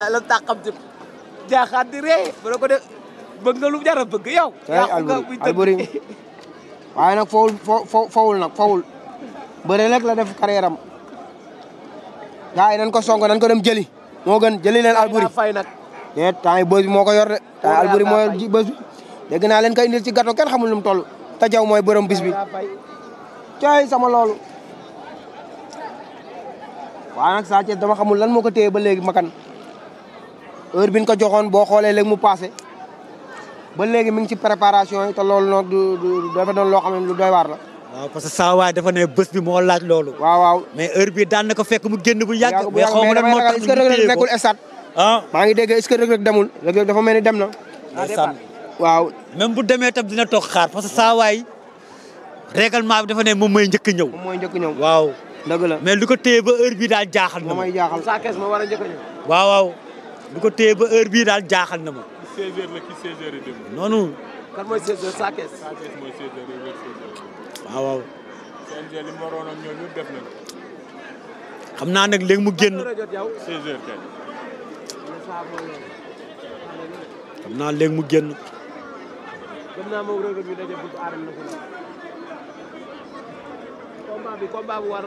la tàqamti jaaxaat di ree bu ko def bëgg nga lu jar a bëgg yow. Alboury waaye nag fawul fawul fawul nag fawul bëre rek la def carrière am gars yi nañ ko song nañ ko dem jëli moo gën jëli leen Alboury. mais temps yi bës bi moo ko yor de. temps yi Alboury moo yor ji bës bi. dégg naa leen koy indil ci gâteau kenn xamul nu mu toll. te jaw mooy borom bis bi. cooy sama loolu. waaye nag Sa Thiès dama xamul lan moo ko téye ba léegi makan heure bi ñu ko joxoon boo xoolee léegi mu passé ba léegi mu ngi ci préparation yi te loolu noonu du du dafa doon loo xam ne lu doy waar la. parce que saa waay dafa ne bés bi moo laaj loolu. waaw waaw mais heure bi daan na ko fekk mu génn bu yàgg. mais xaw ma moo tax ñu nekkul stade. Ah. maa ngi dégg est-ce que Reug Reug mel ni dem na. waaw même bu demee tam dina toog xaar parce que saa waay règlement bi dafa ne moom mooy njëkk ñëw. moom mooy njëkk ñëw waaw. dëgg la mais lu ko téye ba heure bi daal jaaxal na. moom mooy jaaxal saa kees moo a njëkk waaw waaw. bu ko téye ba heure bi daal jaaxal na ma. 16h noonu. kan mooy 16 mooy 16 xam naa nag léegi mu génn. 16 naa léegi mu génn. na ko la.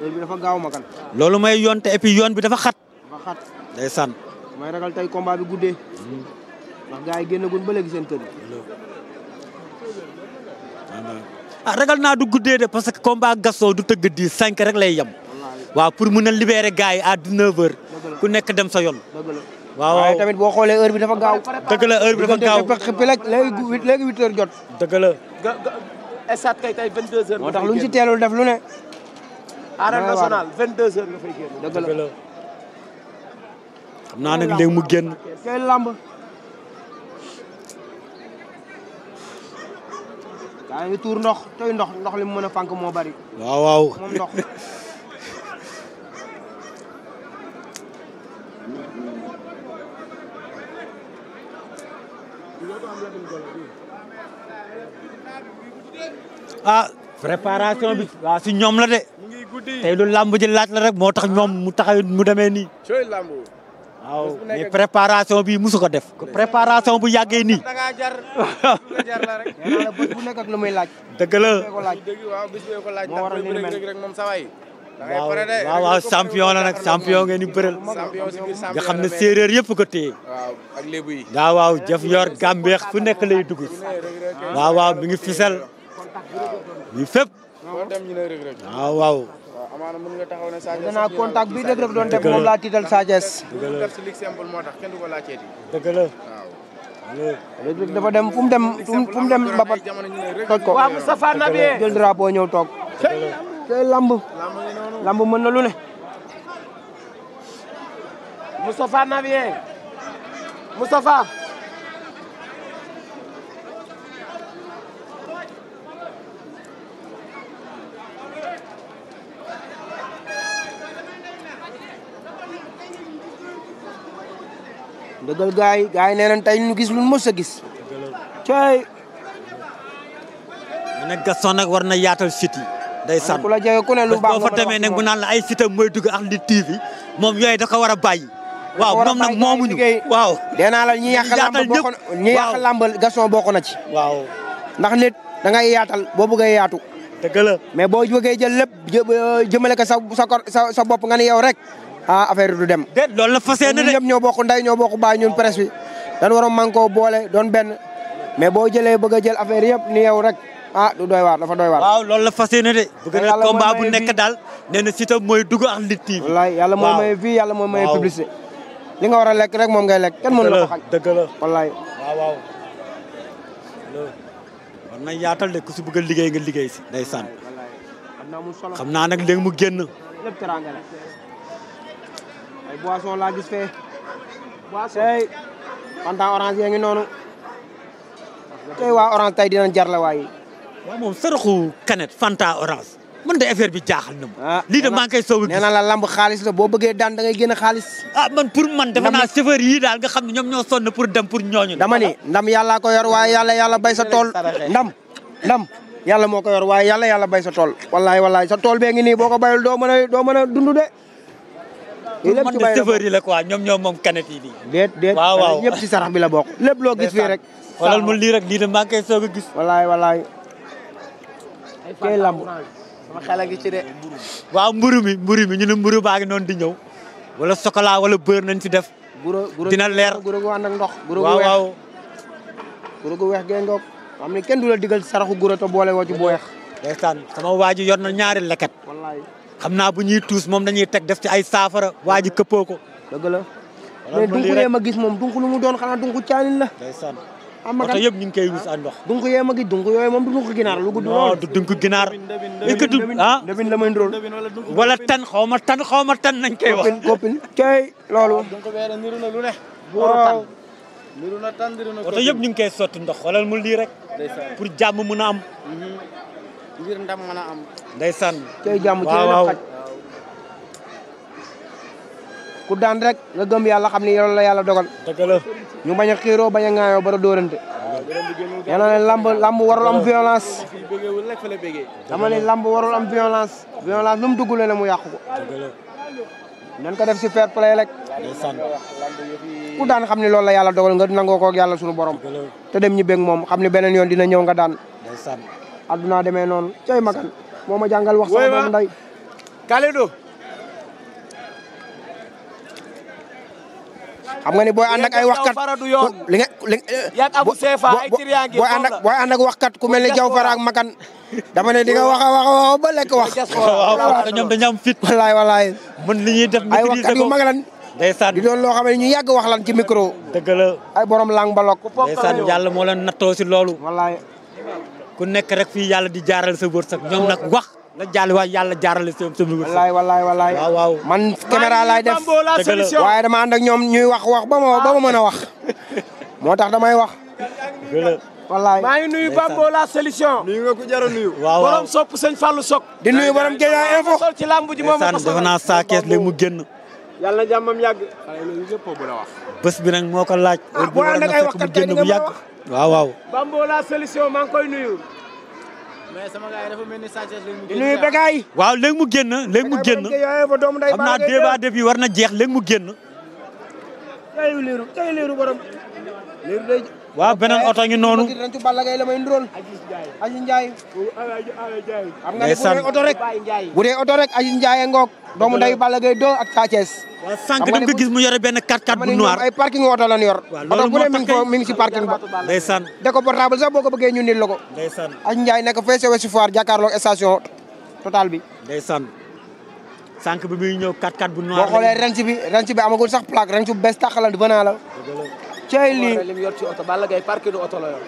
loolu ma kan. loolu mooy dafa xat. xat. day san may ragal tey combat bi guddee. ndax gars yi ba léegi seen kër yi. Ah, ragal naa du guddee de parce que combat Gaston du tëgg di cinq rek lay yem. waaw pour mun a libérer gars yi à 19h. ku nekk dem sa yoon. waaw waaye tamit boo xoolee heure bi dafa gaaw. dëgg la heure bi dafa gaaw léegi léegi huit jot. dëgg la. kay tey moo tax lu ñu ci def lu ne. arène nationale 22 xam naa nag léegi mu génn. kay lamb. daa ngi tuur ndox tey ndox ndox li mu mën a fànk moo bari. waaw waaw moom ah préparation bi waaw si ñoom la de tey lu làmb ji laaj la rek moo tax ñoom mu taxaw mu demee nii. waaw préparation bi musu ko def. préparation bu yàggee nii. bu nekk ak lu muy laaj. dëgg la moo waral li waaw waaw waaw champion la nag champion ngeen xam ne séeréer yëpp ko téye. waaw waaw jëf yor fu nekk lay dugg. waaw waaw mi ngi fisal. yi fépp. waaw waaw. amaana mën nga taxaw ne contact bi Reug doon def moom laa tiital Sa Thiès dëgg la def si ligue simple moo tax kenn du ko dem fu mu dem fu mu dem mbapat toj ko waaw Moustapha Nabi jël drapeau ñëw toog tey lamb lamb mën na ne Moustapha Nabi Moustapha dëggal gaay yi gaay yi nee nañ tey ñu gis lu mu mës gis. cooy. mu ne Gaston nag war na yaatal site day sànn ku la jege ku ne lu baax na fa demee la ay site mooy dugg ak li TV moom yooyu da ko war a bàyyi. waaw moom nag moomuñu waaw. nee naa la ñi yàq lamb na ñi yàq bokk na ci. waaw ndax nit da yaatal boo bugga yaatu. dëgg la mais boo bëggee jël lépp jëmale ko sa sa sa bopp nga ne yow rek. ah affaire du dem. déet na la fas yéene de ñëpp ñoo bokk nday ñoo bokk baay ñun presse bi waroon mànkoo boole doon benn mais boo jëlee bëgg a jël affaire yëpp ni yow rek ah du doy waar dafa doy waar. waaw loolu la fas yéene de. nekk daal nee na Siteu mooy dugg ak Lutte TV. wallaay yàlla moo may vie yàlla moom may publicité. li nga war a lekk rek moom ngay lekk kenn mënu la ko xañ. dëgg la wallaay. waaw waaw. war na de ku si bëgg a liggéey nga liggéey si. ndeysaan xam naa nag léegi mu génn. ay boisson laa gis fee. boisson orange yaa ngi noonu. tey waa orange tey dinañ jar la waaye. waaw moom saraxu canette fanta orange. man de affaire bi jaaxal na ma. Ah, lii de maa ngi koy na la lamb xaalis la boo bëggee daan da ngay génn xaalis. ah man pour man defe naa chauffeur yii daal nga xam ne ñoom ñoo sonn pour dem pour ñooñu. dama ni ndam yàllaa ko yor waaye yàlla yàlla bay sa tool ndam ndam. yàlla moo ko yor waaye yàlla yàlla bay sa tool. wallahi wallahi sa tool yooyu lépp ci mbay la bokk la quoi ñoom ñoom moom kanet yi waaw waaw ñëpp ci sarax bi la bokk. lépp loo gis fii rek. xoolal mu lii rek lii de maa ngi koy soog a gis. walaay walaay. kay lamb ngi ci de. waaw mburu mi mburu mi ñu ne mburu baa ngi noonu di ñëw. wala chocolat wala beurre nañ ci def. dina leer gu ndox. waaw waaw guro gu weex gee ngoog. xam kenn du la digal saraxu guro te boole woo ci bu weex. ndeysaan sama waa ji yor na ñaari leket. am naa bu ñuy tuus moom dañuy teg def ci ay saafara waa ji këppoo ko. dëgg dunku yee ma gis moom dunku lu mu doon xanaa dunku caanin la. ndeysaan ah, oto yëpp ñu ngi koy a ndox. dunku yee ma gis dunku yooyu moom du dunku ginaar lu gudd. non du dunku ginaar. est-ce ah tan xaw ma tan xaw ma tan nañ koy wax. koppil koppil cay loolu. lu ne. Oh. waaw niru na oto yëpp ñu ngi koy sotti ndox wala mu lii rek. pour jàmm mun a am. Mhm. ngir ndam mën a am. ndeysaan. tey jàmm ku daan rek nga gëm yàlla xam ni yoon la yàlla dogal. dëgg la ñu bañ a xiiroo bañ a ŋaayoo ba lamb warul am violence. dama ne lamb warul am violence. violence lu mu dugg la mu yàq ko. nan ko def si fair play ku daan xam ni loolu la yàlla dogal nga nangoo ko yàlla sunu borom. te dem ñi beeg moom xam ne beneen yoon dina ñëw nga daan. addunaa demee noonu cay magan moo ma jàngal wax sama doom nday Kalidou xam nga booy ànd ay waxkat li nga li booy ànd ak booy ànd ak waxkat ku mel ni Jaw Fara ak Makan dama ne di nga wax a ba lekk wax. waaw ñoom dañu am fit. wallaay wallaay. mën li ñuy def ay waxkat yu mag lan. ndeysaan di loo xam ne ñu yàgg wax lan ci micro. dëgg ay borom lang balok. ndeysaan yàlla moo leen nattoo si loolu. ku nekk rek fii yàlla di jaarale sa wërsëg ñoom nag wax la jaal yàlla jaarale sa wërsëg. wallaay wallaay wallaay waaw waaw. man caméra laay def waaye dama ànd ak ñoom ñuy wax wax ba ma ba mën a wax moo tax damay wax. wallaay maa ngi nuyu Bambo la solution. nuyu nga ko jar a nuyu. waaw waaw borom sopp sëñ Fallou Sock. di nuyu borom ci làmb ji moom ma ko sol defe naa mu génn. yàlla na jàmmam yàgg. xale yëpp a bëgg a moo ko laaj. ah boo ànd ak ay waxtaan tey di nga waaw waaw. Bambo la solution maa ngi koy nuyu. mais sama gars dafa mel ni Sadio di nuyu Bécaye waaw léegi mu génn léegi mu génn am naa débat def war na jeex léegi mu génn. tey liiru tey liiru borom liiru day. waaw beneen oto ngi noonu. kii dañu ci Balla Gaye la may ndróol. Aziz Ndiaye. xam bu dee oto rek. bu dee oto rek Aziz Ndiaye ngoog. doomu ndeyu Balla Gaye doo ak Sa Thiès. waaw sànq gis mu yore benn 4x4 bu noir. ay parking oto la ñu yor. waaw loolu moo tax mi ngi ko mi ngi si parking ba. ndeysaan. de ko portable sax boo ko bëggee ñu nil la ko. ndeysaan Aziz Ndiaye nekk fee sa Ouest Foire jàkkaarloog station Total bi. ndeysaan bi muy ñëw 4x4 bu noir. boo xoolee renc bi renc bi amagul sax plaque renc bu bees tàqalal di banaa cay lii li mu yor ci oto Balla Gaye oto la yor.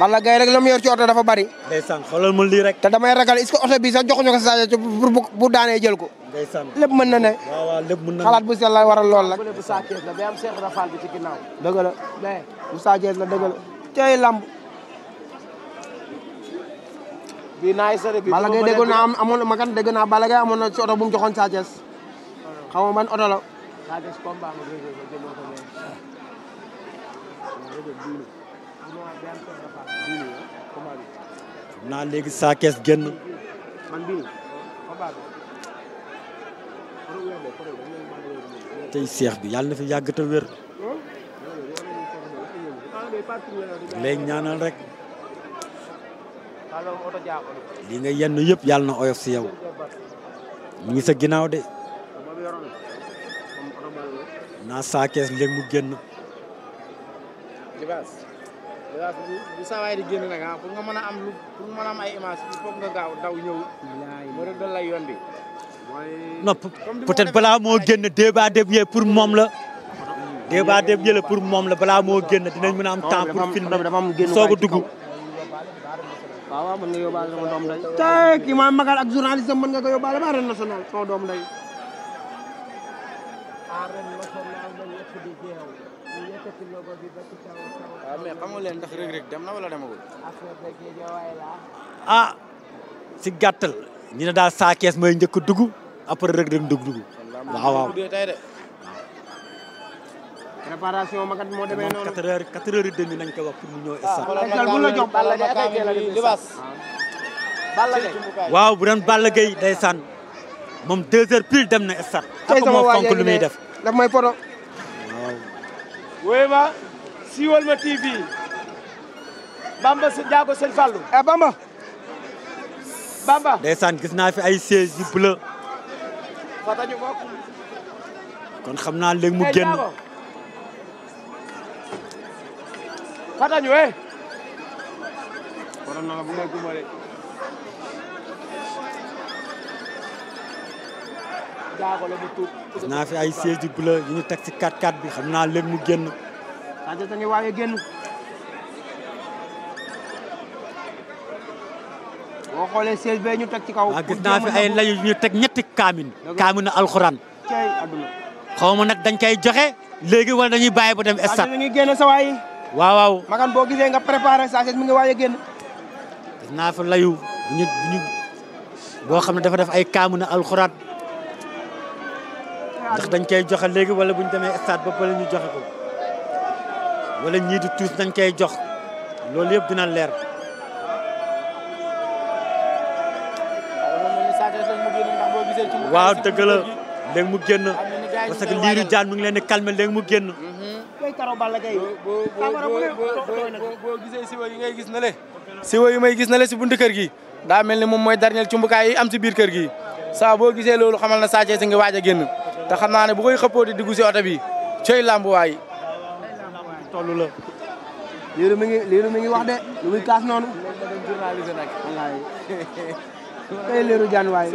Balla Gaye rek la mu yor ci oto dafa bari. ndeysaan xoolal lii rek. te damay ragal est oto bi sax joxuñu ko saa pour bu daanee jël ko. ndeysaan lépp mën na ne. mën na ne xalaat bu sell la waral lool la. bu ne bu Sa la ba am Cheikh Rafal bi ci ginnaaw. dëgg mais bu Sa Thiès la dëgg la cay lamb. bii naay sori bii. Balla Gaye dégg naa am amoon ma kan bala naa Balla Gaye amoon na ci oto bu mu joxoon Sa Thiès. Ah. xaw ma ban oto la. Sa xam naa léegi saa kees génn. tey seex bi yàlla na fi yàgg te wér. Ah, léegi ñaanal rek. li nga yenn yëpp yàlla na oyof si yow. mu ngi sa ginnaaw de. naa saa kees mu génn. libaas libaas bu saa ah, mën a am lu pour nga mën a yoon bi. non peut-être balaa moo génn débat débuté pour moom la. débat débuté la pour moom la balaa moo génn dinañ mën a am temps pour filmer soog a dugg. waaw waaw ak journaliste mën nga ko yóbbaale ba arène nationale sama doom day. waaw ah, mais xamoo leen ndax dem na wala demagul. ah si gàttal. ñu ne daal saa kees mooy njëkk dugg après Reug Reug dugg dugg. waaw waaw. préparation magat moo demee noonu 4 demi nañ ko wax pour mu ñëw stade. waaw bu la jox Balla Gaye day sànn moom 2 heures pile dem na stade. ak moo fonk lu muy def. daf may poto. wooy ma siiwal ma TV Bamba sa jaago sëñ Fallou eh Bamba Bamba gis naa fi ay siège yu bleu fatañu bokk kon xam naa léegi mu eh, génn fatañu eh jaago gis naa fi ay siège bleu yu ñu teg ci 4-4 bi xam naa lépp mu génn. Sadio da xoolee siège bee ñu teg ci kaw. waaw gis ay layu yu ñu teg ñetti kaamin. kaaminu alxuraan. cey nag dañ koy joxe. léegi wala dañuy bàyyi ba dem esta waaw dañuy génn sa waay. waaw waaw. boo gisee nga préparé sa mi ngi waaj a génn. gis naa fi layu boo xam ne dafa def ay kaamu na alxuraan. ndax dañ koy joxe léegi wala bu ñu demee stade ba la ñu joxe ko wala ñii di tuus dañ koy jox loolu yëpp dina leer. waaw dëgg la mu génn parce que liiru jaan mu ngi leen di calmer léegi mu génn. boo boo gisee siwo yi ngay gis na le. siwo yi may gis na le si buntu kër gi daa mel ni moom mooy dernier cumbukaay yi am si biir kër gi saa boo gisee loolu xamal na Sa Thiès si nga waaj a génn. te xam naa ne bu koy xëppoo di dugg si oto bi cooy làmbuwaay. waay la. liiru mi ngi mi ngi wax de lu muy kaas noonu. wallaay. tey liiru jaan waay.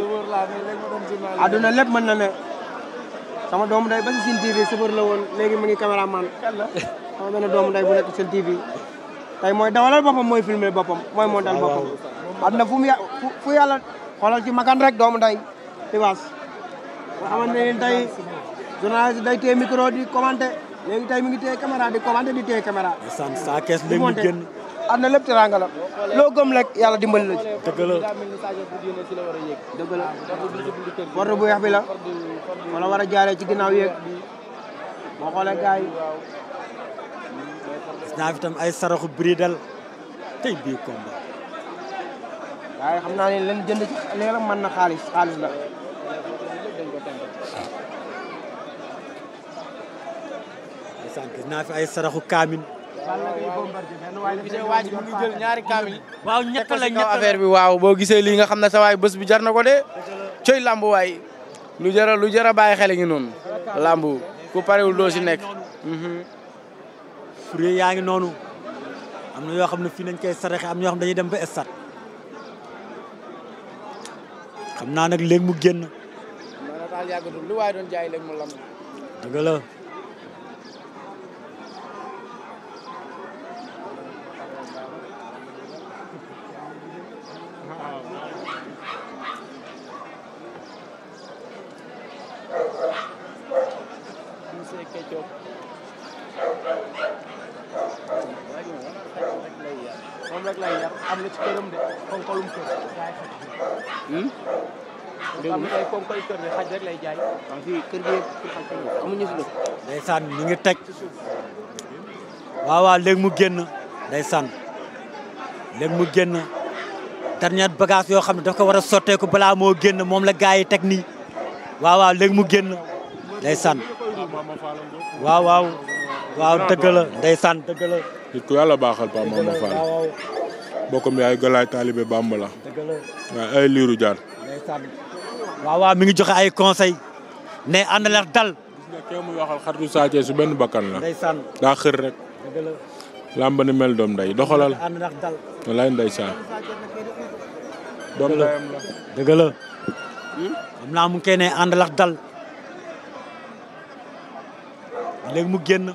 adduna lépp mën na ne. sama doomu day ba si Sine TV sëbër la woon léegi mi ngi caméraman. sama benn doomu day bu nekk Sine TV. tey mooy dawalal boppam mooy filmer boppam mooy montal boppam. adduna fu fu yàlla xoolal ci makan rek doomu day Tivaouane. nga xamante ne tey journaliste day téye micro di commenté léegi tey mi ngi téye caméra di commenté di téye caméra. sàn saa kees léegi mu génn. am na lépp teraanga la loo gëm rek yàlla dimbali la ci. dëgg la dëgg weex bi la wala war a jaaree ci ginnaaw yeeg boo xoolee gars yi. gis naa ay saraxu bridal tey bii combat. waaye xam naa ne leen jënd ci léeg-léeg mën na xaalis xaalis la. sànq gis naa fi ay saraxu kaamin. waaw mu ngi jël ñaari kaamin. la ñett la bi waaw boo gisee nga xam ne sa bi jar na ko de. cëy làmb waay lu jar a lu jar a bàyyi xel noonu. làmb ku parewul doo si nekk. Mhm. fure yaa ngi noonu am na yoo xam ne fii nañ koy saraxe am ñoo dañuy dem ba stade xam naa nag léegi mu génn. lu waay doon jaay léegi mu lamb. dëgg la. am na ci këram de konkolum hmm? ngi teg mu génn ndeysaan léegi mu génn dernier bagage yoo xam ne daf ko war a sotteeku balaa moo génn moom la gars yi teg nii waaw waaw mu génn ndeysaan waaw waaw waaw dëgg la bokkam yaay galaay taalibe Bàmba la. ay liiru jaar. waaw waaw mi ngi joxe ay conseil ne ànd la dal. gis nga kee muy waxal xaritu su benn bakkan la. ndeysaan rek. làmb mel doom nday doxalal. ànd la dal. doom ndayam ngi koy ne ànd la dal mu génn.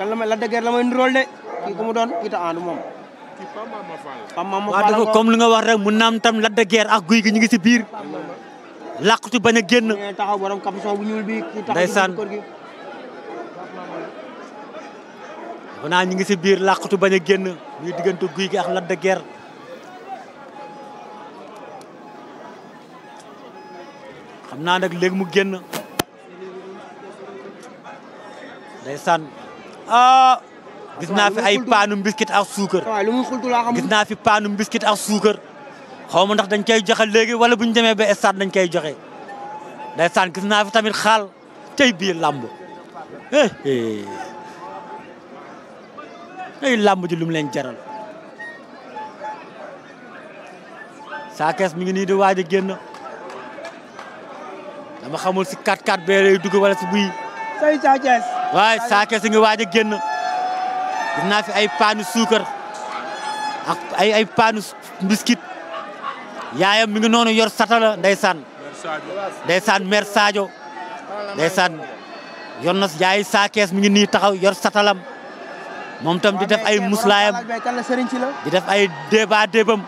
kan la may Lac de Guiers la may nuróol mu doon kii ta moom. kii Pape Mama Fall. Pape Mama li nga wax rek mu naam tam Lac de ak guy gi ñu ngi si biir. làqtu bañ a génn. taxaw borom kapson bu ñuul bi. kii taxaw ñu ngi si biir làqatu bañ a génn muy guy gi ak Lac xam naa nag mu génn ndeysaan Ah, ah. gis naa fi ay paanu mbiskit ak suukar. gis naa fi paanu mbiskit a suukar. xaw ma ndax dañ koy joxe léegi wala bu ñu demee ba stade dañ koy joxe ndeysaan gis naa fi tamit xaal tey bii làmb eh, eh. ay làmb ji lum mu leen jaral saa mi ngi nii di waaj a génn dama xamul si 4-4 bee lay dugg wala si buy. waaye Sa Thiès ngi waaj a génn gis naa fi ay paanu suukar ay ay paanu biscuit yaayam mi ngi noonu yor satala ndeysaan saan mère Sadio ndeysaan yor na yaay Sa Thiès mi ngi nii taxaw yor satalam moom tam di def ay muslaayam di def ay débat débam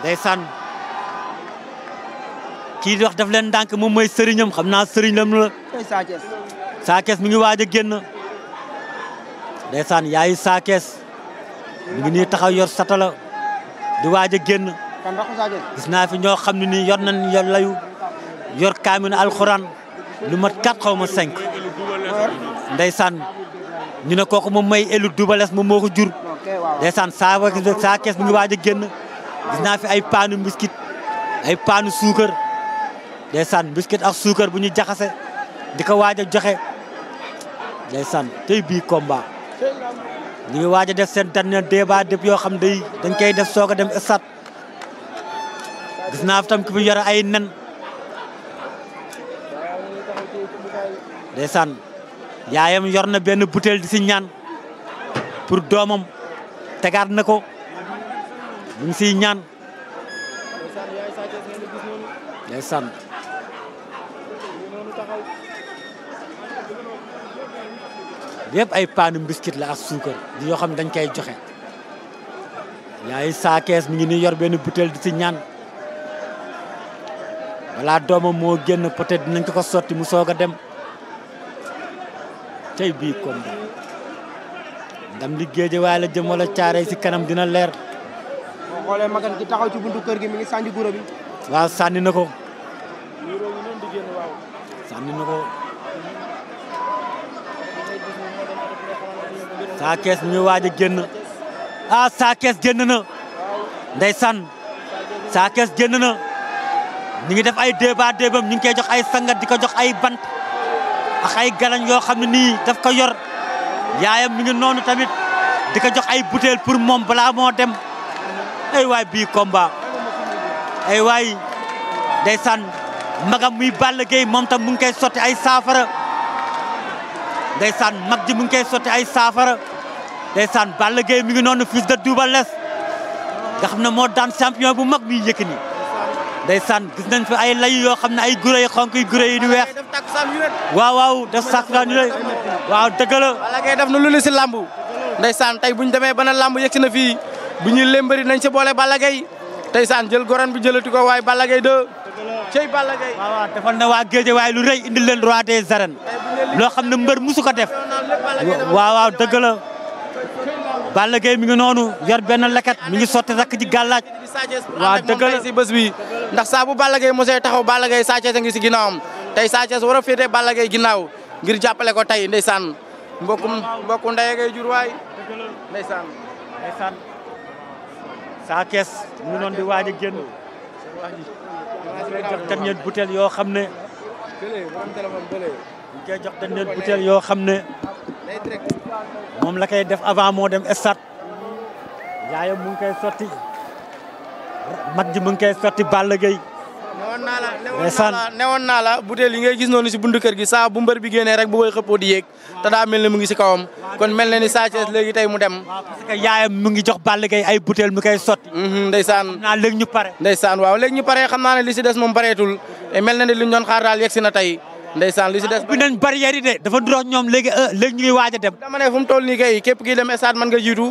ndeysaan kii di wax leen ndànk moom mooy sëriñam xam naa sëriñ lam la saakees mi ngi waaj a génn ndeysaan yaayu saakees mi ngi nii taxaw yor satala di waaj a génn gis naa fi ñoo xam ne ni yor nañ yor layu yor kaamin alxuraan lu mat quatre xaw ma day ndeysaan ñu ne kooku moom may élu dubales moom moo ko jur ndeysaan saa saa kees ngi waaj a génn gis naa fi ay paanu mbiskit ay paanu suukar ndeysaan mbiskit ak suukar bu ñu jaxase di ko waaj joxe san tey bii komba ñu ngi waaj a def seen tànn débat dépp yoo xam day dañ koy def soog a dem sat gis naa fi tam ki fi ay nen ndeysaan yaayam yor na benn butéel di si ñaan pour doomam tegaat na ko mu ngi siy ñaan ndeysaan yëpp ay paanu biscuit la ak suukar yoo xam ne dañ koy joxe yaay saakees mi ngi ni yor benn butéel di si ñaan balaa doomam moo génn peut-être dinañ ko ko sotti mu soog a dem tey bii combat ndam li Géejawaay la jëm wala caare si kanam dina leer. boo xoolee magan gi taxaw ci buntu kër gi mi ngi sànni guro bi. waaw sànni na ko. sànni ko. Sa Thiès mi ngi a génn ah Sa génn na ndeysaan Sa Thiès génn na ñu ngi def ay débat débam ñu ngi koy jox ay sangat di ko jox ay bant ak ay galañ yoo xam ne nii daf ko yor yaayam mi ngi noonu tamit di ko jox ay butéel pour moom balaa moo dem ay waay bii combat ay waay ndeysaan magam muy Balla Gaye moom tam mu ngi koy sotti ay saafara ndeysaan mag ji mu ngi koy sotti ay saafara ndeysaan Balla Gaye mi ngi noonu fils de Double Less nga xam ne moo daan champion bu mag mi Yékini ndeysaan gis nañ fi ay lay yoo xam ne ay gure yu xonk yu gure yu di weex waaw waaw def saaksan yu waaw dëgg la Balla Gaye def na lu ne si lamb ndeysaan tey bu ñu demee ba na lamb yegg na fii bu ñuy lembari nañ si boole Balla tey ndeysaan jël goran bi jëlati ko waaye Balla Gaye cey Balla Gaye waaw waaw defal na waa géej waaye lu rëy indil leen roi des arènes loo xam ne mbër musu ko def waaw waaw dëgg la Balla Gaye mi ngi noonu yor benn leket mi ngi sotti rakk ji gàllaaj waaw dëgg la si bés bi ndax saa bu Balla Gaye mosee taxaw Balla Gaye Sa Thiès a ngi si ginnaawam tey Sa Thiès war a féetee Balla Gaye ginnaaw ngir jàppale ko tey ndeysaan mbokku mbokku ndey ngay jur waay ndeysaan ndeysaan Sa Thiès mu ngi noonu di waaj a génn ñu jox tamit butéel yoo xam ne. ñu koy jox tamit yoo xam ne moom la koy def avant moo dem stade. yaayam mu ngi koy sotti. mat ji mu ngi koy sotti Balla Gaye newoon naa la newoon naa la newoon naa la butéel yi ngay gis noonu si buntu kër gi saa bu mbër bi génnee rek bu koy di yéeg te daa mel ne mu ngi si kawam kon mel na ni Sa léegi tey mu dem. waaw parce yaayam mu ngi jox Balla Gaye ay butéel mu koy sot mhm, ndeysaan xam naa léegi ñu pare. saan waaw léegi ñu pare xam naa ne li si des moom pareetul eh, mel na ni li ñu doon xaar daal yegg si na tey. saan li si des bi nañ de dafa durox ñoom léegi euh, léeg ñu ngi waaj a dem. dama fu mu toll nii kay képp kii dem stade mën nga jiitu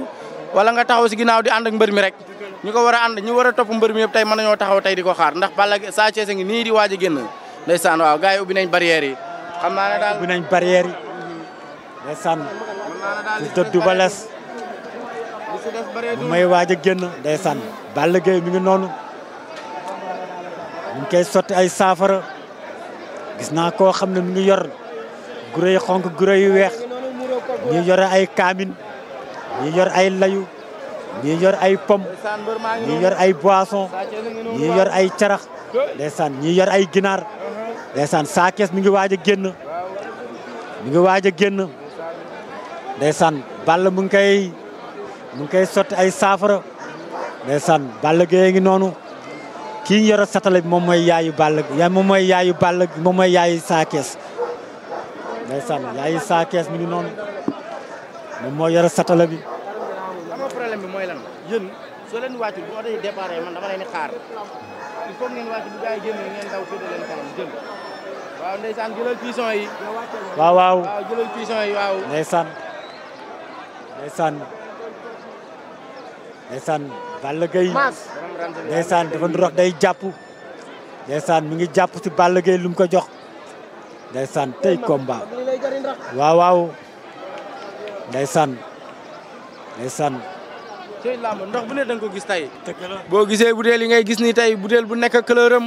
wala nga taxaw si ginnaaw di ànd ak mbër mi rek ñu ko war a ànd ñu war a topp mbër mi yëpp tey mën nañoo taxaw tey di ko xaar ndax Balla Sa Thiès ngi nii di waaj a génn ndeysaan waaw gars yi ubbi nañ barrières yi xam naa ne daal nañ barrières yi ndeysaan si dëddu ba les bu may waaj a génn ndeysaan Balla Gaye mi ngi noonu ñu ngi koy ay saafara gis naa ko xam ne mi ngi yor guré yu xonk guré yu weex ñi yor ay kaamin ñi yor ay layu ñii yor ay pomme ñii yor ay boison ñii yor ay carax ndeysaan ñii yor ay ginaar ndeysaan saa kees mi ngi waaj a génn mi ngi waaj a génn ndeysaan ball mu ngi koy mu ngi koy sotti ay saafara ndeysaan ball gee ngi noonu kii yor yoro satala bi moom mooy yaayu ball yaa moom mooy yaayu ball moom mooy yaayu saa kees ndeysaan yaayu saa mi ngi noonu moom mooy yoro satala bi yéen soo leen wàccul oto yi départ man dama leen di xaar il ngeen wàcc bu gars yi ngeen daw féete leen kanam jël waaw ndeysaan jëlal cuisson yi waaw waaw waaw jëlal cuisson yi waaw ndeysaan day jàpp ndeysaan mi ngi jàpp si Balla Gaye lu mu ko jox ndeysaan tey combat waaw waaw ndeysaan ndeysaan tey làmb ndox bu ne da nga ko gis tey. boo gisee butéel yi ngay gis ni tey butéel bu nek couleur am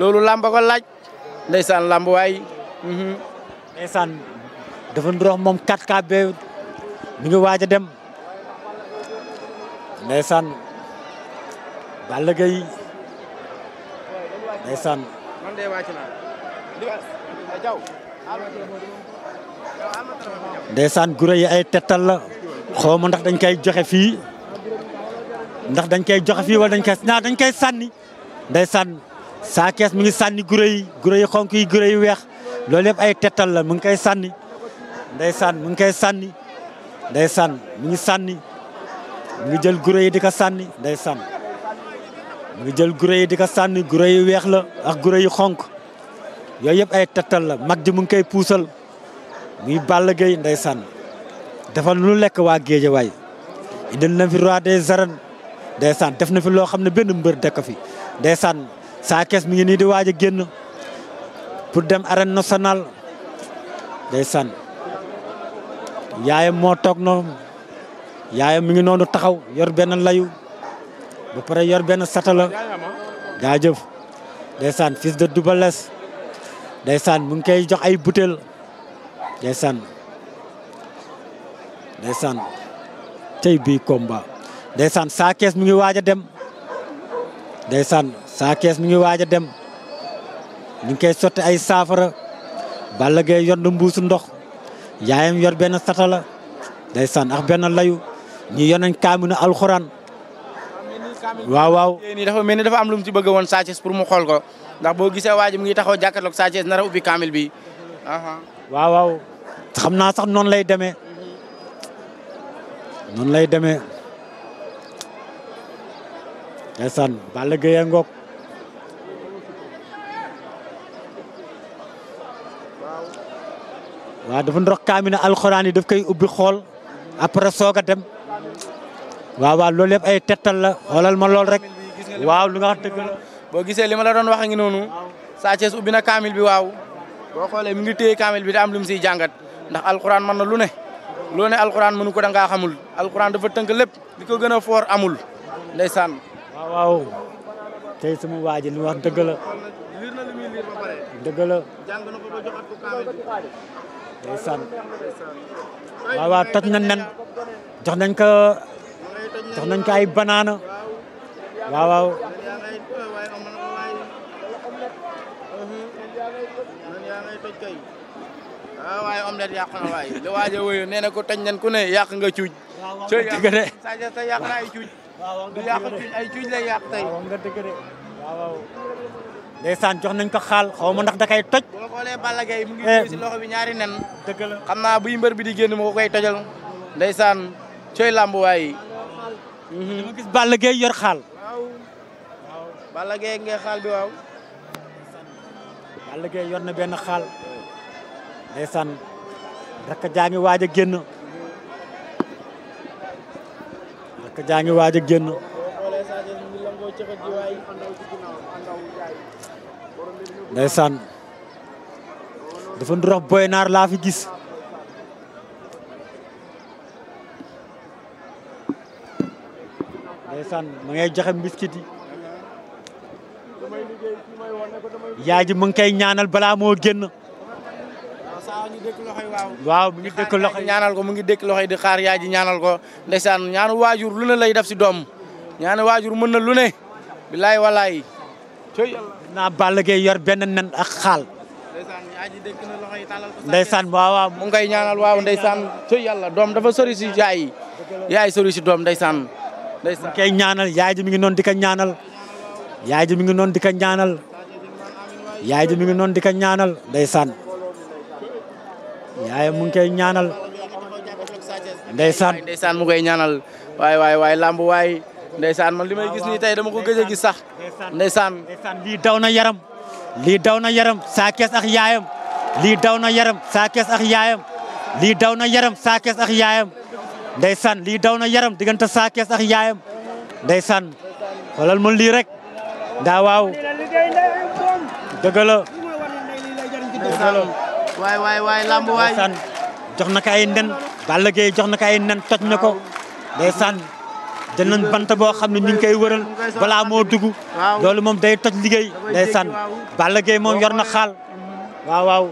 loolu làmb ko laaj ndeysaan làmb waay. Mhm. ndeysaan dafa ndox moom 4KB mi ngi waaj a dem ndeysaan Balla Gaye ndeysaan. ndeysaan gure yi ay tettal la xaw ma ndax dañ koy joxe fii. ndax dañ koy joxe fii dañ koy naa dañ koy sànni day sànn saa kees mu ngi sànni gure yi gure yi xonk yi gure yu weex loolu yëpp ay tettal la mu ngi koy sànni day sànn mu ngi koy sànni day sànn mu ngi sànni mu ngi jël gure yi di ko sànni day sànn mu ngi jël gure yi di ko sànni gure yu weex la ak gure yu xonk yooyu yëpp ay tetal la mag ji mu ngi koy puusal muy Balla Gaye nday sànni dafa lu lekk waa Géejawaay indil na fi roi des arènes ndeysaan def na fi loo xam ne benn mbër dëkk fi ndeysaan saa kees mi ngi nii di waaj a génn pour dem arène nationale ndeysaan yaayam moo toog noonu yaayam mi ngi noonu taxaw yor benn layu ba pare yor benn satala jaajëf ndeysaan fils de Double day ndeysaan mu ngi koy jox ay butéel ndeysaan ndeysaan tey bii komba ndeysaan saa kees mu ngi waaj a dem ndeysaan saa kees mu ngi waaj a dem ñu ngi koy sotti ay saafara Balla Gaye yor mbuusu ndox yaayam yor benn satala ndeysaan ax benn layu ñi yor nañ kaaminu alxuraan waaw waaw nii dafa mel ni dafa am lu mu ci bëgg woon Sa Thiès pour mu xool ko ndax boo gisee waa ji mu ngi taxaw jàkkaarloog Sa Thiès nar a ubbi kaamil bi waaw waaw xam naa sax noon lay demee noonu lay demee ndeysaan Balla Gaye ngoog waaw dafa ndox kaamina alxuraan yi daf koy ubbi xool après soog a dem waaw waaw loolu yëpp ay tettal la xoolal ma lool rek waaw lu nga wax dëgg boo gisee li ma la doon wax ngi noonu Sa Thiès ubbi na kaamil bi waaw boo xoolee mi ngi téye kaamil bi te am lu mu siy jàngat ndax alxuraan mën na lu ne loo ne alxuraan mënu ko da xamul alxuraan dafa tënk lépp li ko gën a foor amul ndeysaan waaw waaw tey sama waa ji li wax dëgg la. liir na na nen jox nañ ko jox nañ ko ay banaana. waaw waaw. Ah, waaw yàq waay. li waaj a wëyoo nee ko toj nañ ku ne yàq nga cuuj. waaw waaw dëgg de. du yàq tey. waaw nga dëgg de jox nañ ko xaal xaw ma ndax da kay toj. boo xoolee Balla mu ngi eh. ci loxo bi ñaari nen. dëgg la xam naa buy mbër bi di génn moo koy tojal. ndeysaan cooy làmb waay. Mhm. dama gis Balla Gaye yor xaal. waaw waaw. Balla Gaye benn xaal. ndeysaan rakk jaa ngi waaj génn. jàkk jaa ngi waaj a génn ndeysaan dafa ndurox boy naar laa fi gis ndeysaan ma ngay joxe mbiskit yi yaay ji mu ngi koy ñaanal balaa moo génn waaw mu ngi dëkk loxo ñaanal ko mu ngi dëkk di xaar yaay ji ñaanal ko ndeysaan ñaanu waajur lu ne lay def si doom ñaanu waajur mën na lu ne bilaay walaay naa Balla Gaye yor benn nen ak xaal ndeysaan waaw waaw mu ngi koy ñaanal waaw ndeysaan cëy yàlla doom dafa sori si yaay yi yaay sori si doom ndeysaan ndeysaan kay ñaanal yaay ji mi ngi noon di ko ñaanal yaay ji mi ngi noon di ko ñaanal yaay ji mi ngi noonu di ko ñaanal ndeysaan yaay mu ngi koy ñaanal ndeysaan ndeysaan mu koy ñaanal waay waay waay làmb waay ndeysaan man li gis nii tey dama ko gëj a gis sax ndeysaan lii daw na yaram lii daw na yaram saa kees ak yaayam lii daw na yaram saa kees ak yaayam lii daw na yaram saa kees lii daw na yaram diggante saa kees ak yaayam ndeysaan xoolal ma lii rek daa waaw dëgg waay waay waay lamb waay ndeysaan jox na ko ay nen Balla jox na ko ay nen toj na ko ndeysaan jël nañ bant boo xam ne ñu ngi koy wëral balaa moo dugu loolu moom day toj liggéey ndeysaan Balla Gaye moom yor na xaal waaw waaw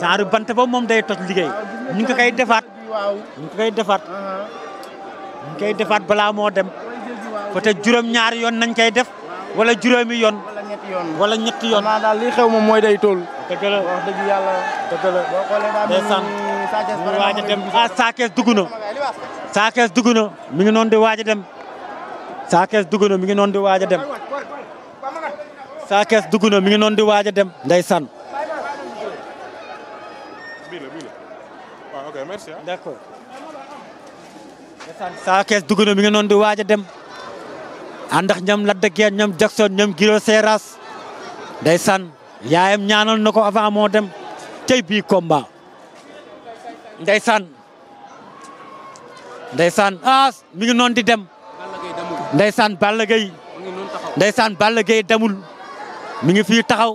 genre bant boobu moom day toj liggéey ñu ngi ko koy defaat uh-huh. ñu ngi ko defaat ñu koy defaat balaa moo dem peut-être juróom ñaari yoon nañ koy def wala juróomi yoon wala ñetti yoon daal li moom mooy day tool. dëgg la wax dëgg yàlla. mu ngi waaj dem ah Sakess dugg na. Sakess dugg mi ngi noonu di waaj a dem. Sakess dugg na mi ngi noonu di waaj a dem. Sakess dugg na mi ngi noonu di waaj a dem. ndeysaan. saan ah. ndeysaan Sakess dugg na mi ngi di waaj a dem. ànd ak ñoom Lac de Guiers ñoom Jackson ñoom Guiro Seras ndeysaan yaayam ñaanal na ko avant moo dem tey bii combat ndeysaan ndeysaan ah mi ngi noonu di dem ndeysaan Balla Gaye ndeysaan Balla Gaye demul mu ngi fii taxaw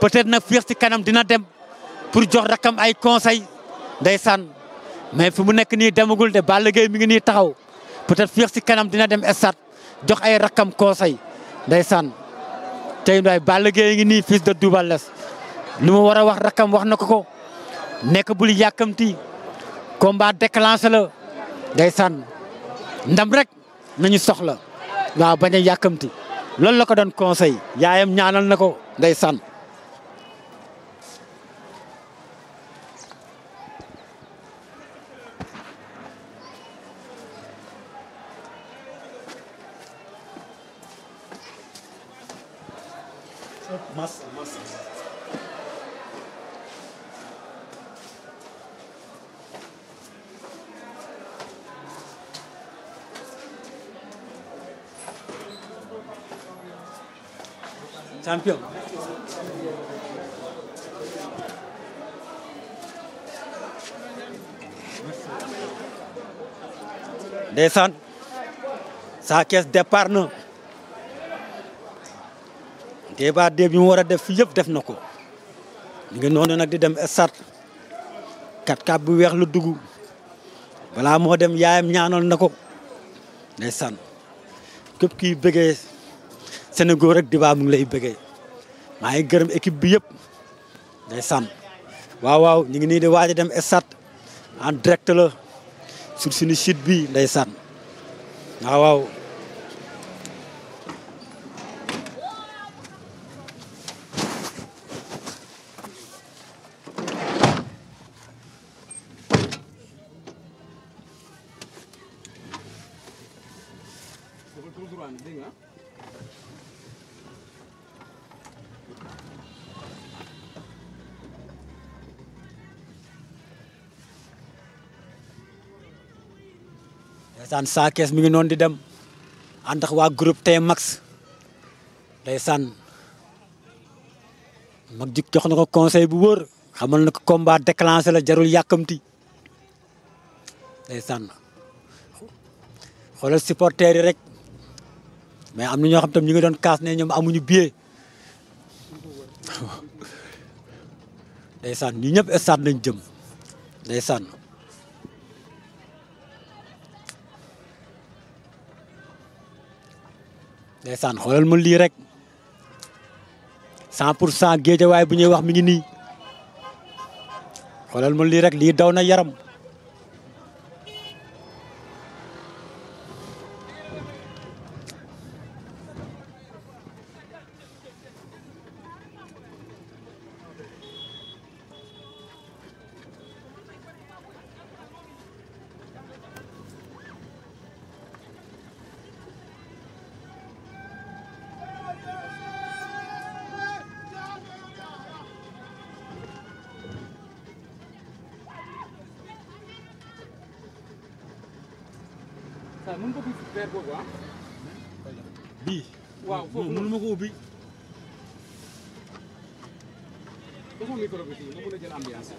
peut-être nag fii ci kanam dina dem pour jox rakam ay conseil ndeysaan mais fu mu nekk nii demagul de Balla Gaye mi ngi nii taxaw peut-être fii ci kanam dina dem estat jox ay rakkam conseil ndeysaan tey ndaay Balla Gaye ngi nii fils de Double Less lu mu war a wax rakkam wax na ko ko nekk bul yàkkamti combat déclenché la ndeysaan ndam rek nañu soxla waaw bañ a yàkkamti loolu la ko doon conseil yaayam ñaanal na ko ndeysaan ndeysaan Sa Thiès départ na débat déeb yi mu war a def yëpp def na ko ñu ngi noonu nag di dem stade kat-kat bu weex lu dugg balaa moo dem yaayam ñaanal na ko ndeysaan képp kiy bëggee Sénégal rek Diba mu lay bëggee maa ngi gërëm équipe bi yëpp ndeysaan waaw waaw ñu nii di waaj dem stade en direct sur suñu site bi ndeysaan ah, waaw ndeysaan saa kees mi ngi noonu di dem ànd ak waa groupe T-Max ndeysaan mag ji jox na ko conseil bu wër xamal na ko combat déclenché la jarul yàkkamti ndeysaan xoolal supporters yi rek mais am na ñoo xam tam ñu ngi doon kaas ne ñoom amuñu billet ndeysaan ñu ñëpp stade nañ jëm ndeysaan ndeysaan xoolal ma lii rek cent pour cent géejawaay bu ñuy wax mi ni nii xoolal ma lii rek lii daw na yaram waaw mën nga bi ubbi verre boobu ah. bii. waaw foofu noonu mënuma ko ubbi. dafa micro bi fii nga mën a jël ambiance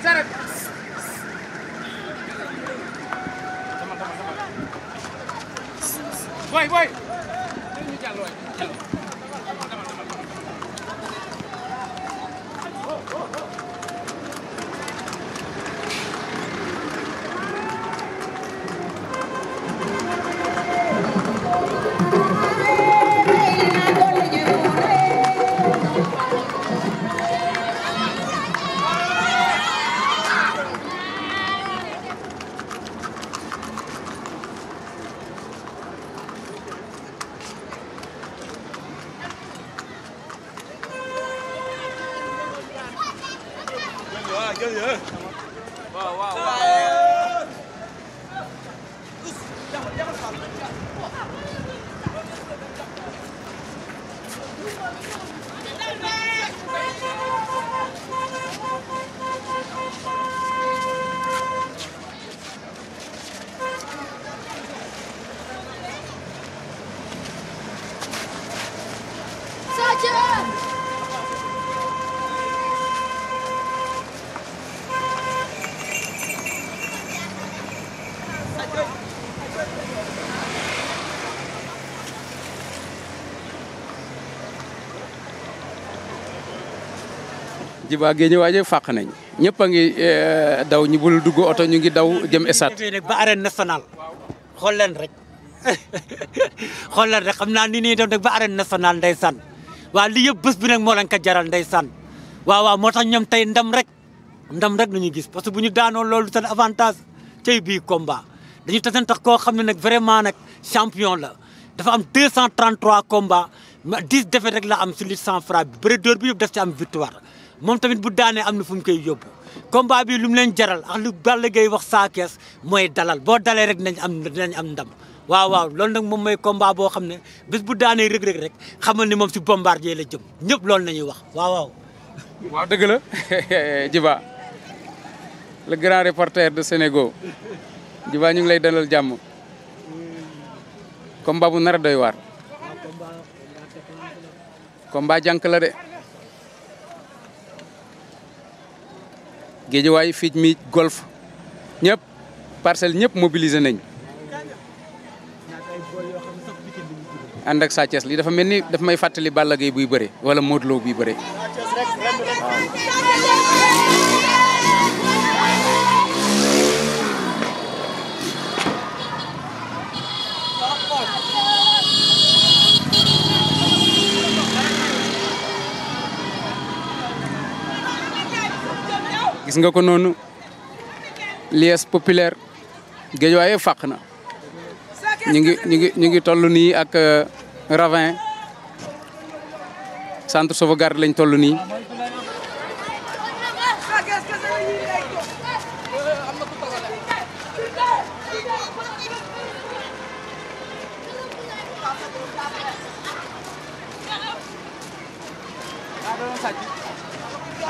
सरक सरक Gel ya. ji waa Guédiawaye fàq nañ ñëpp a ngi eh, daw ñu bul dugg oto ñu ngi daw jëm stade. nag ba arène nationale xool leen rek xool leen rek xam naa ni nii def nag ba arène nationale ndeysaan waaw li yëpp bés bi nag moo leen ko jaral ndeysaan waaw waawaa moo tax ñoom tey ndam rek ndam rek nañu gis parce que bu ñu daanoo loolu seen avantage cey bii combat dañu tesen tax koo xam ne nag vraiment nag champion la dafa am 233 combats ma 10 défaites rek la am si lutte sans bi bëre dóor bi yëpp daf ci am victoire moom tamit bu daanee am na fu mu koy yóbbu combat bii lu mu leen jaral ak lu Balla Gaye wax saa kees mooy dalal boo dalee rek nañ am dinañ am ndam waaw waaw loolu nag moom mooy komba boo xam ne bés bu daanee rëg-rëg rek xamal ni moom si bombardier la jëm ñëpp loolu nañuy wax waaw waaw dëgg la Djiba le grand reporter de Sénégal Djiba ñu ngi lay dalal jàmm combat bu nar a doy waar combat jànk la de géejawaay fii mi golf ñëpp parcelle ñëpp mobilisé nañ ànd ak Sa li dafa mel ni dafa may fàttali Balla Gaye buy bëre wala Modou Lo buy bëre gis nga ko noonu liesse populaire géejuwaay waaye fàq na ñu ngi ñu ngi ñu ngi toll nii ak euh, ravin centre sauvegarde lañ toll nii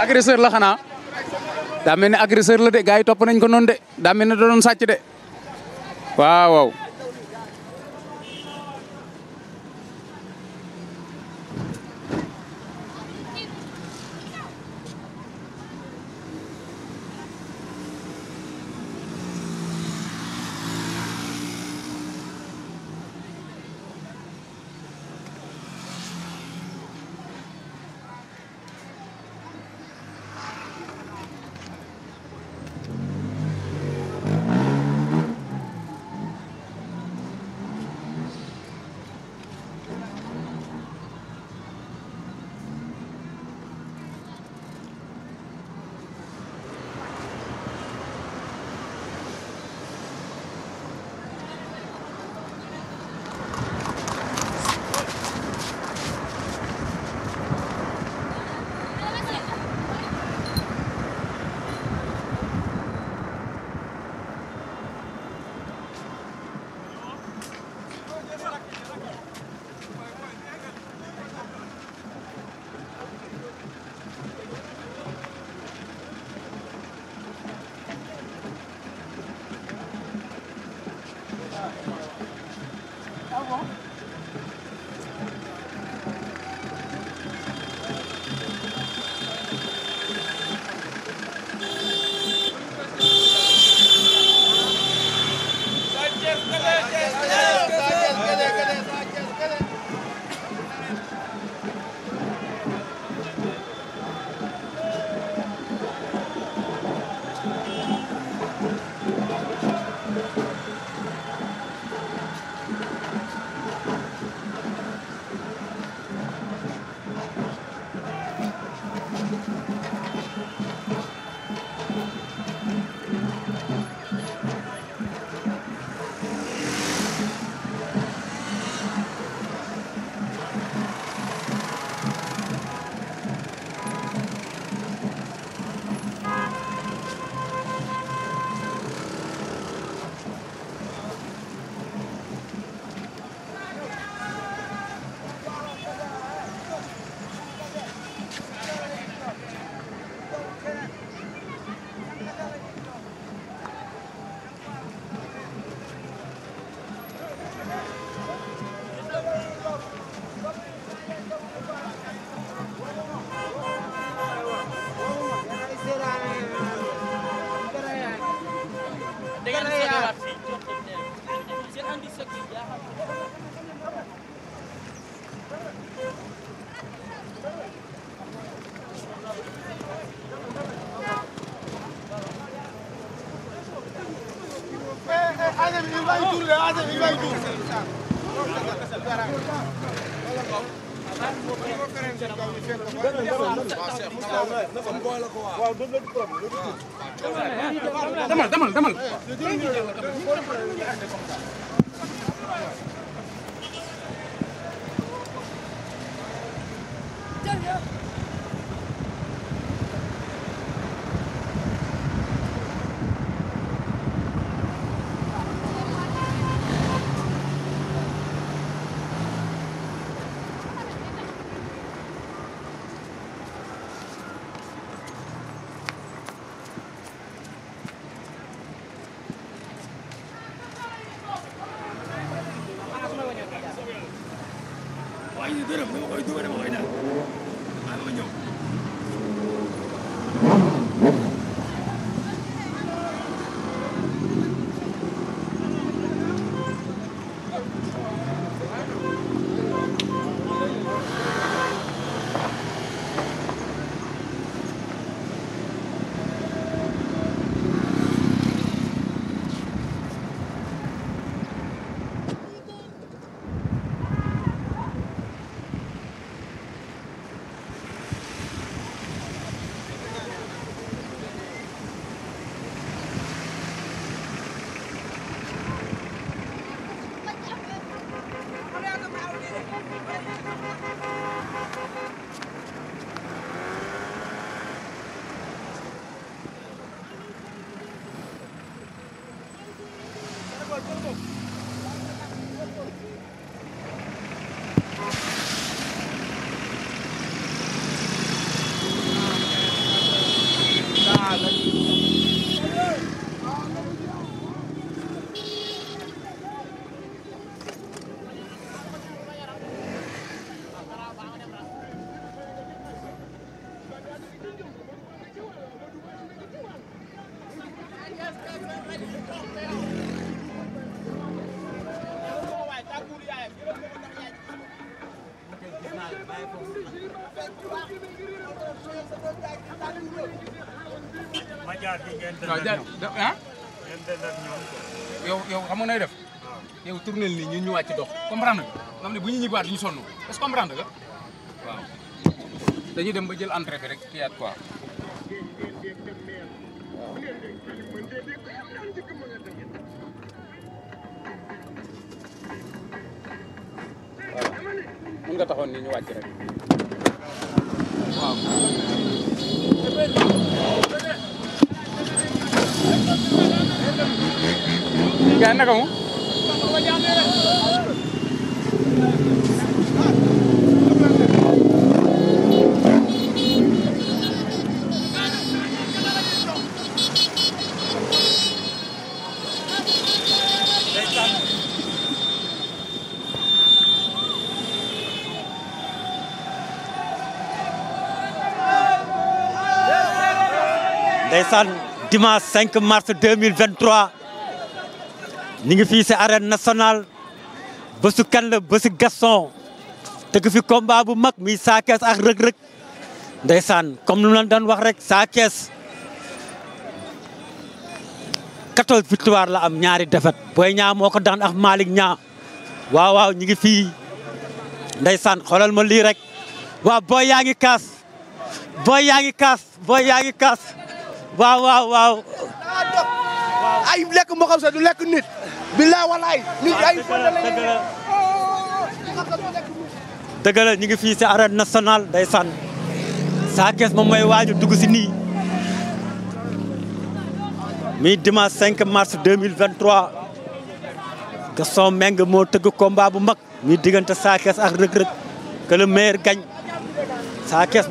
agresseur la xanaa daa mel ne agresseur la de gars yi topp nañ ko noonu de daa mel ne da de waaw waaw demal demal demal ah yow yow xam nga nay def yow tournel nii ñun ñu wàcc dox comprendre nga xam ne bu ñu ñibbaat duñu sonn est-ce que comprendre nga waaw dem ba jël entrée bi rek kiyaat quoi mën waaw Ndiaye naka mu. Oh. ndeysaan dimanche 5 mars 2023 ñu ngi fii si arène nationale bésu kan la bésu Gaston tëgg fi combat bu mag mi Sa Thiès ak Reug Reug ndeysaan comme lu leen doon wax rek Sa Thiès 14 victoire la am ñaari défaite Boy Niang moo ko daan ak Malick Niang waaw waaw ñu ngi fii ndeysaan xoolal ma lii rek waaw booy yaa ngi kaas booy yaa ngi kaas waaw waaw ay lekk moo xam sax du lekk nit. bilaa walaay nit ay fonde la ñu ngi fii si arène nasonal day sànn Sa Thiès moom mooy waaju dugg si nii mi dimanche 5 mars 2023 Gaston Mbengue moo tëgg combat bu mag mi diggante Sa Thiès ak Reug Reug que le meilleur gagne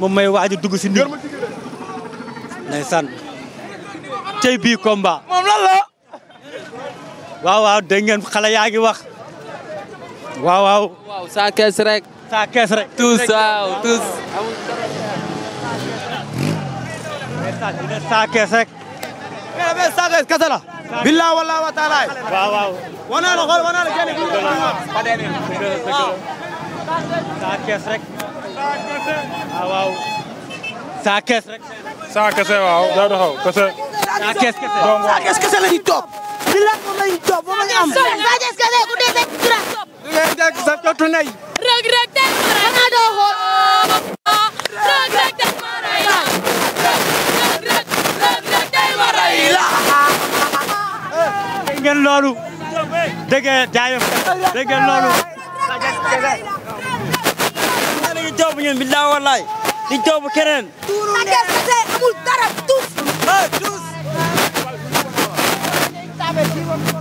moom mooy waaju dugg si nii day san cey bii combat. waaw waaw dégg ngeen xale yaa ngi wax waaw waaw. saa kees rek. saa kees rek. tous waaw saa kees rek. la. bilaa wala wa waaw waaw. wane na xool wane na kenn. saa kees rek. waaw waaw. saa kees rek. saa kese waaw. daa saa kees kese saa kees kese la ñuy toog. di la moom la ñuy toog moom la ñuy am. saa kees kese ku dee sa tur a toog. du ngeen dégg sa jotu nay. rëg rëg tey mara naa doo xool. rëg rëg tey mara yi la. rëg rëg rëg rëg tey mara yi la. dégg ngeen loolu. dégg jaayef dégg ngeen loolu. saa kees kese. saa kees kese ñun billaay wallaay di joobu keneen. saa kees kese amul dara tuus. aversivo.